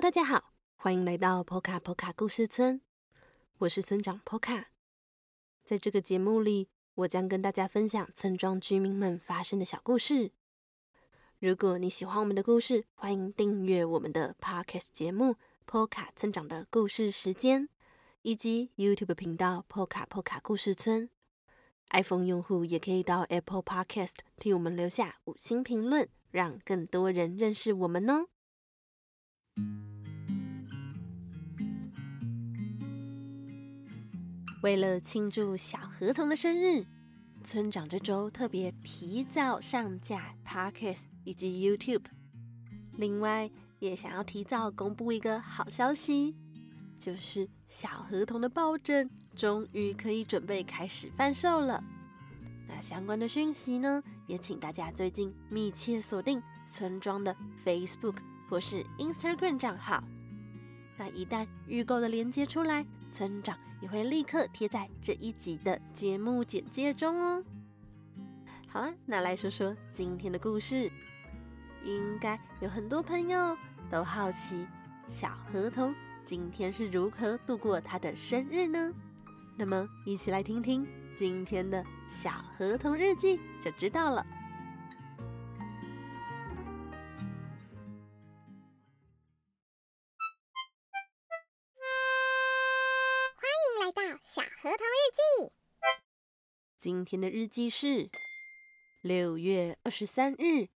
大家好，歡迎來到波卡波卡故事村，我是村長波卡。在這個節目裡，我將跟大家分享村莊居民們發生的小故事。如果你喜歡我們的故事，歡迎訂閱我們的 Podcast 節目《波卡村長的故事時間》，以及 YouTube 頻道《波卡波卡故事村》。iPhone 用戶也可以到 Apple Podcast 替我們留下五星評論，讓更多人認識我們哦。嗯為了慶祝小河童的生日，村長這週特別提早上架 Podcast 以及 YouTube。另外，也想要提早公布一個好消息，就是小河童的抱枕終於可以準備開始販售了。那相關的訊息呢，也請大家最近密切鎖定村莊的 Facebook 或是 Instagram 賬號。那一旦預購的鏈接出來，村長。也會立刻貼在這一集的節目簡介中哦。好啊，那來說說今天的故事，應該有很多朋友都好奇小河童今天是如何度過他的生日呢？那麼一起來聽聽今天的小河童日記就知道了。今天的日記是六月二十三日，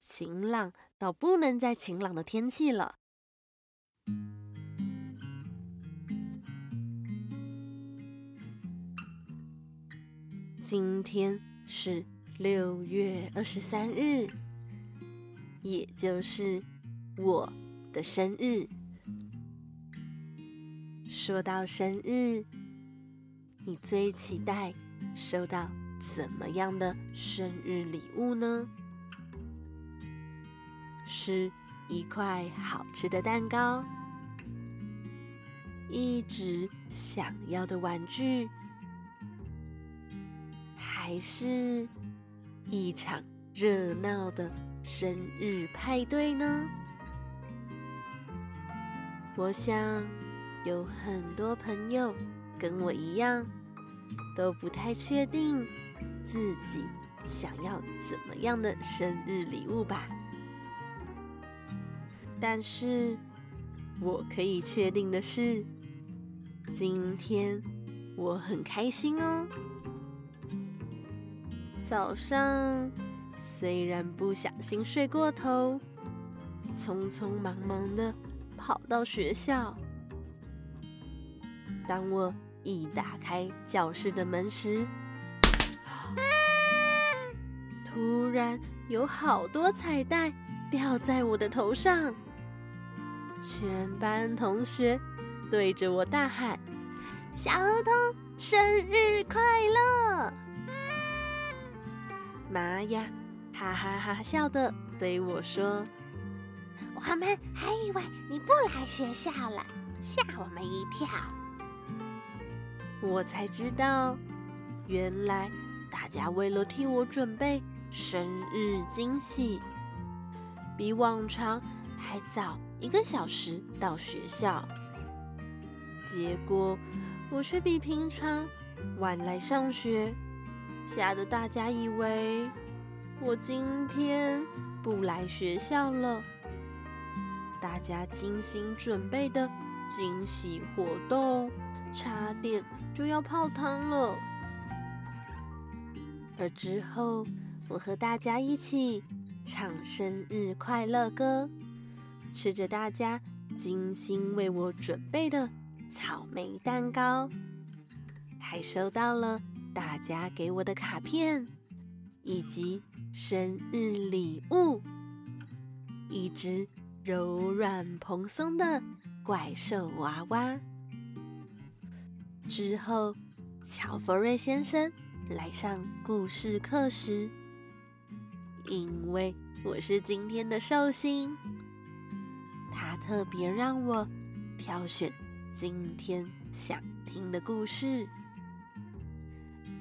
晴朗到不能再晴朗的天氣了。今天是六月二十三日，也就是我的生日。說到生日，你最期待收到怎麼樣的生日禮物呢？是一塊好吃的蛋糕，一直想要的玩具，還是一場熱鬧的生日派對呢？我想有很多朋友跟我一樣。都不太確定自己想要怎麼樣的生日禮物吧，但是我可以確定的是，今天我很開心哦。早上雖然不小心睡過頭，匆匆忙忙地跑到學校，但我，一打開教室的門時，突然有好多彩帶掉在我的頭上，全班同學對着我大喊：“小河童，生日快樂！”嗯、媽呀，哈哈哈哈笑的對我說：“我們還以為你不來學校了，嚇我們一跳。”我才知道，原來大家為了替我準備生日驚喜，比往常還早一個小時到學校。結果我卻比平常晚來上學，嚇得大家以為我今天不來學校了。大家精心準備的驚喜活動，差點。就要泡湯了。而之後，我和大家一起唱生日快樂歌，吃着大家精心為我準備的草莓蛋糕，還收到了大家給我的卡片以及生日禮物——一隻柔軟蓬鬆的怪獸娃娃。之後，喬佛瑞先生來上故事課時，因為我是今天的壽星，他特別讓我挑選今天想聽的故事，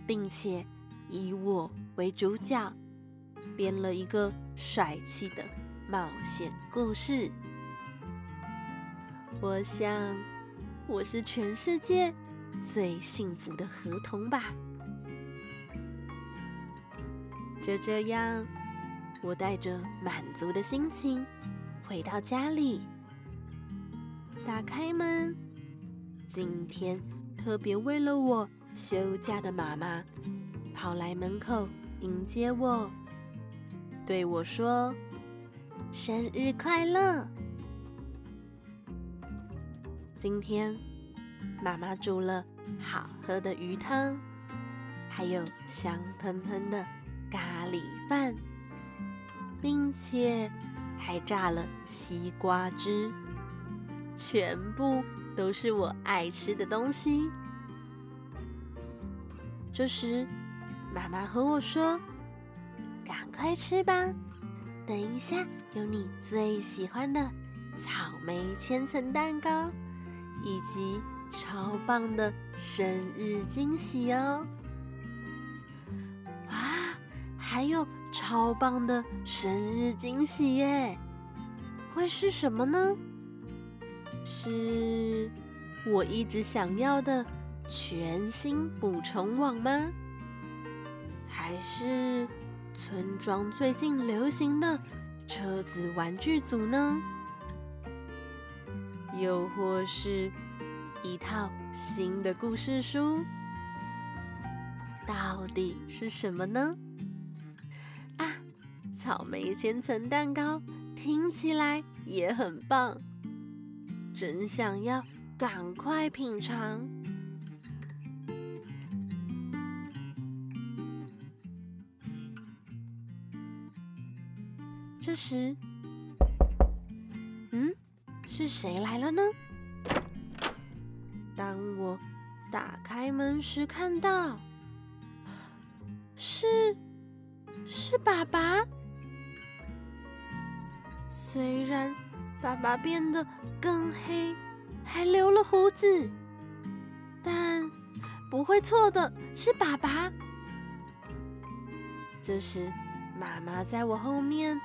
並且以我為主角，編了一個帥氣的冒險故事。我想，我是全世界。最幸福的河童吧。就這樣，我帶着滿足的心情回到家裡，打開門，今天特別為了我休假的媽媽跑來門口迎接我，對我說：“生日快樂！”今天。媽媽煮了好喝的魚湯，還有香噴噴的咖喱飯，並且還榨了西瓜汁，全部都是我愛吃的東西。這時，媽媽和我說：“趕快吃吧，等一下有你最喜歡的草莓千層蛋糕，以及……”超棒的生日驚喜哦！哇，還有超棒的生日驚喜耶！會是什麼呢？是我一直想要的全新捕蟲網嗎？還是村莊最近流行的車子玩具組呢？又或是……一套新的故事書，到底是什麼呢？啊，草莓千層蛋糕聽起來也很棒，真想要趕快品嘗。這時，嗯，是誰來了呢？當我打開門時，看到是是爸爸。雖然爸爸變得更黑，還留了鬍子，但不會錯的，是爸爸。這時，媽媽在我後面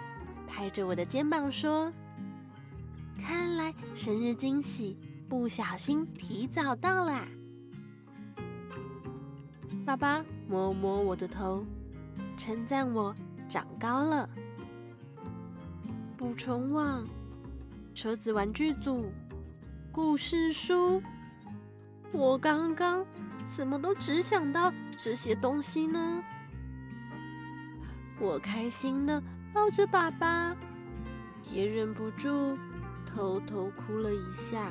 拍着我的肩膀說：“看來生日驚喜。”不小心提早到了，爸爸摸摸我的頭，稱讚我長高了。捕蟲網、車子、玩具組、故事書，我剛剛怎麼都只想到這些東西呢？我開心的抱着爸爸，也忍不住偷偷哭了一下。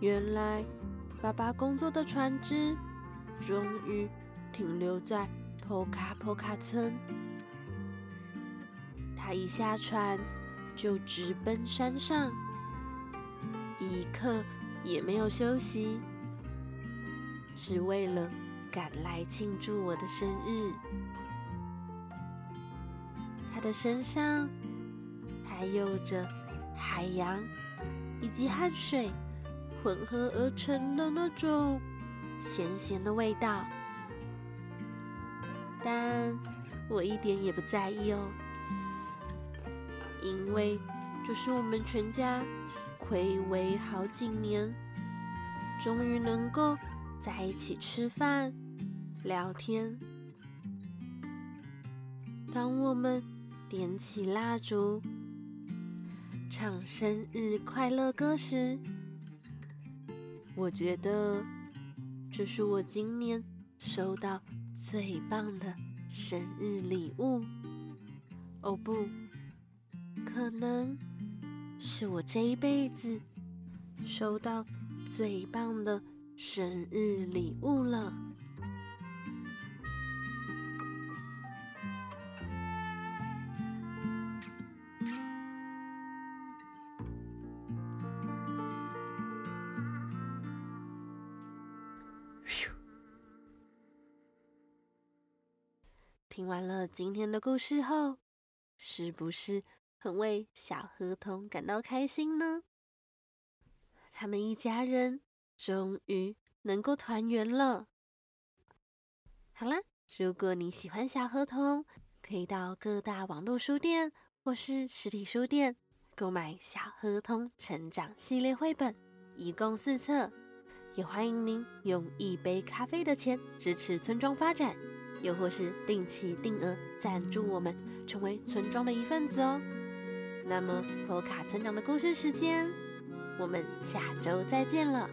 原來爸爸工作的船隻終於停留在波卡波卡村。他一下船就直奔山上，一刻也沒有休息，只為了趕來慶祝我的生日。他的身上還有着海洋以及汗水。混合而成的那種鹹鹹的味道，但我一點也不在意哦，因為這是我們全家暌違好幾年，終於能夠在一起吃飯、聊天。當我們點起蠟燭，唱生日快樂歌時，我覺得這是我今年收到最棒的生日禮物。哦，不，可能是我這一輩子收到最棒的生日禮物了。聽完了今天的故事後，是不是很為小河童感到開心呢？他們一家人終於能夠團圓了。好啦，如果你喜歡小河童，可以到各大網絡書店或是實體書店購買《小河童成長系列》繪本，一共四冊。也歡迎您用一杯咖啡的錢支持村莊發展。又或是定期定額贊助我們，成為村莊的一份子哦。那麼，波卡成長的故事時間，我們下周再見了。